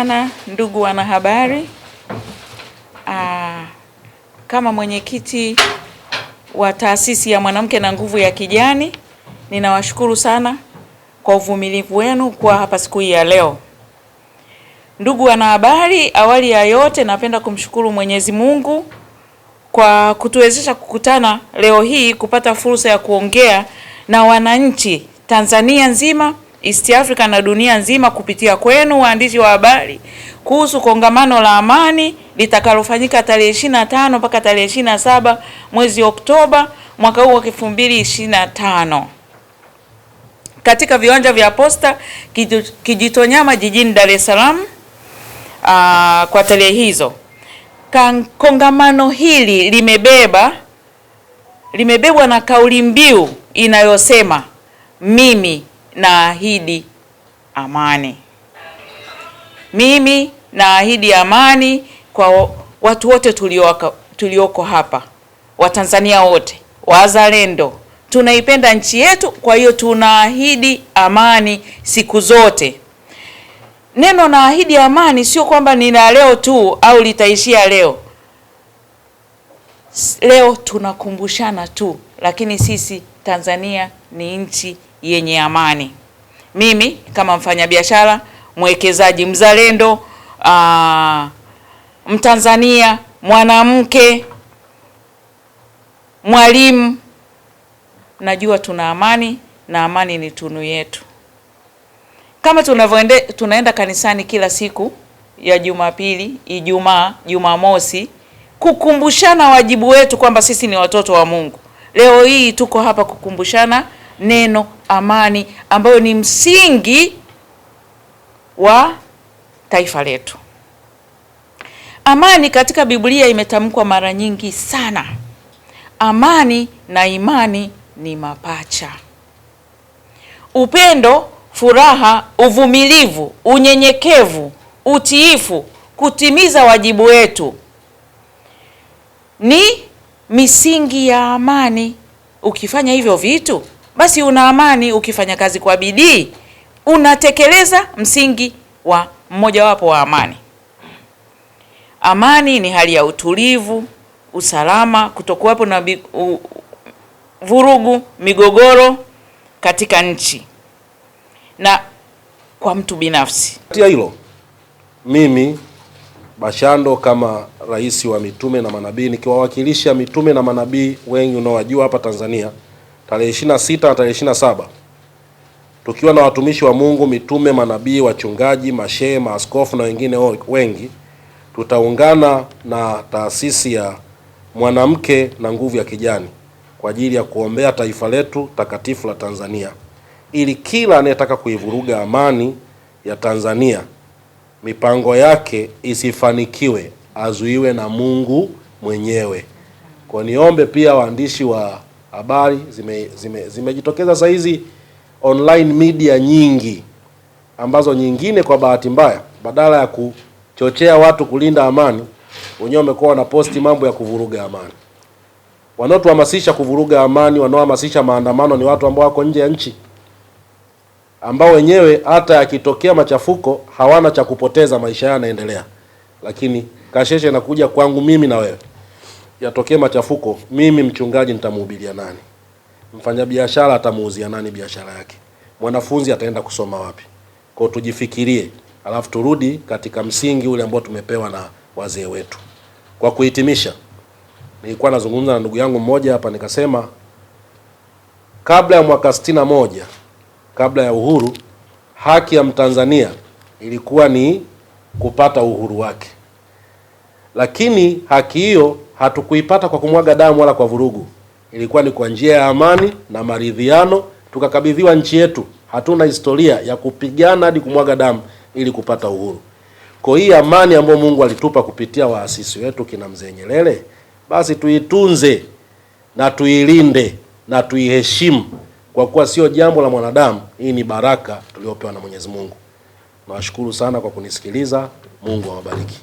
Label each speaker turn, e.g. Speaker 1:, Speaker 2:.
Speaker 1: Sana ndugu wanahabari. Aa, ah, kama mwenyekiti wa taasisi ya mwanamke na nguvu ya kijani, ninawashukuru sana kwa uvumilivu wenu kwa hapa siku hii ya leo. Ndugu wanahabari, awali ya yote napenda kumshukuru Mwenyezi Mungu kwa kutuwezesha kukutana leo hii kupata fursa ya kuongea na wananchi Tanzania nzima East Africa na dunia nzima kupitia kwenu waandishi wa habari kuhusu kongamano la amani litakalofanyika tarehe 25 mpaka tarehe 27 mwezi Oktoba mwaka huu wa 2025 katika viwanja vya Posta Kijitonyama jijini Dar es Salaam. Ah, kwa tarehe hizo kongamano hili limebeba limebebwa na kauli mbiu inayosema mimi naahidi amani. Mimi naahidi amani kwa watu wote tulioko, tulioko hapa, Watanzania wote wazalendo, tunaipenda nchi yetu. Kwa hiyo tunaahidi amani siku zote. Neno naahidi amani sio kwamba ni na leo tu au litaishia leo. Leo tunakumbushana tu, lakini sisi Tanzania ni nchi yenye amani. Mimi kama mfanyabiashara, mwekezaji, mzalendo, aa, Mtanzania, mwanamke, mwalimu, najua tuna amani na amani ni tunu yetu. Kama tunavyoende tunaenda kanisani kila siku ya Jumapili, Ijumaa, Jumamosi kukumbushana wajibu wetu kwamba sisi ni watoto wa Mungu. Leo hii tuko hapa kukumbushana neno amani, ambayo ni msingi wa taifa letu. Amani katika Biblia imetamkwa mara nyingi sana. Amani na imani ni mapacha. Upendo, furaha, uvumilivu, unyenyekevu, utiifu, kutimiza wajibu wetu ni misingi ya amani. Ukifanya hivyo vitu basi una amani. Ukifanya kazi kwa bidii, unatekeleza msingi wa mmojawapo wa amani. Amani ni hali ya utulivu, usalama, kutokuwepo na vurugu, migogoro katika nchi na kwa mtu binafsi. ya hilo mimi Bashando kama rais wa mitume na manabii nikiwawakilisha mitume na manabii wengi unaowajua hapa Tanzania tarehe 26 na tarehe 27 tukiwa na watumishi wa Mungu, mitume, manabii, wachungaji, mashehe, maaskofu na wengine wengi, tutaungana na taasisi ya Mwanamke na Nguvu ya Kijani kwa ajili ya kuombea taifa letu takatifu la Tanzania, ili kila anayetaka kuivuruga amani ya Tanzania, mipango yake isifanikiwe, azuiwe na Mungu mwenyewe. Kwa niombe pia waandishi wa habari zimejitokeza zime, zime saizi online media nyingi ambazo nyingine kwa bahati mbaya badala ya kuchochea watu kulinda amani wenyewe wamekuwa wanaposti mambo ya kuvuruga amani. Wanaotuhamasisha kuvuruga amani, wanaohamasisha maandamano ni watu ambao wako nje ya nchi, ambao wenyewe hata yakitokea machafuko hawana cha kupoteza, maisha yao yanaendelea, lakini kasheshe inakuja kwangu mimi na wewe yatokee machafuko, mimi mchungaji nitamhubiria nani? Mfanyabiashara atamuuzia nani biashara yake? Mwanafunzi ataenda kusoma wapi? Kwa tujifikirie, alafu turudi katika msingi ule ambao tumepewa na wazee wetu. Kwa kuhitimisha, nilikuwa nazungumza na ndugu yangu mmoja hapa nikasema, kabla ya mwaka sitini na moja, kabla ya uhuru, haki ya Mtanzania ilikuwa ni kupata uhuru wake, lakini haki hiyo hatukuipata kwa kumwaga damu wala kwa vurugu, ilikuwa ni kwa njia ya amani na maridhiano. Tukakabidhiwa nchi yetu, hatuna historia ya kupigana hadi kumwaga damu ili kupata uhuru. Kwa hii amani ambayo Mungu alitupa kupitia waasisi wetu kina mzee Nyerere, basi tuitunze na tuilinde na tuiheshimu, kwa kuwa sio jambo la mwanadamu. Hii ni baraka tuliopewa na Mwenyezi Mungu. Nawashukuru sana kwa kunisikiliza. Mungu awabariki.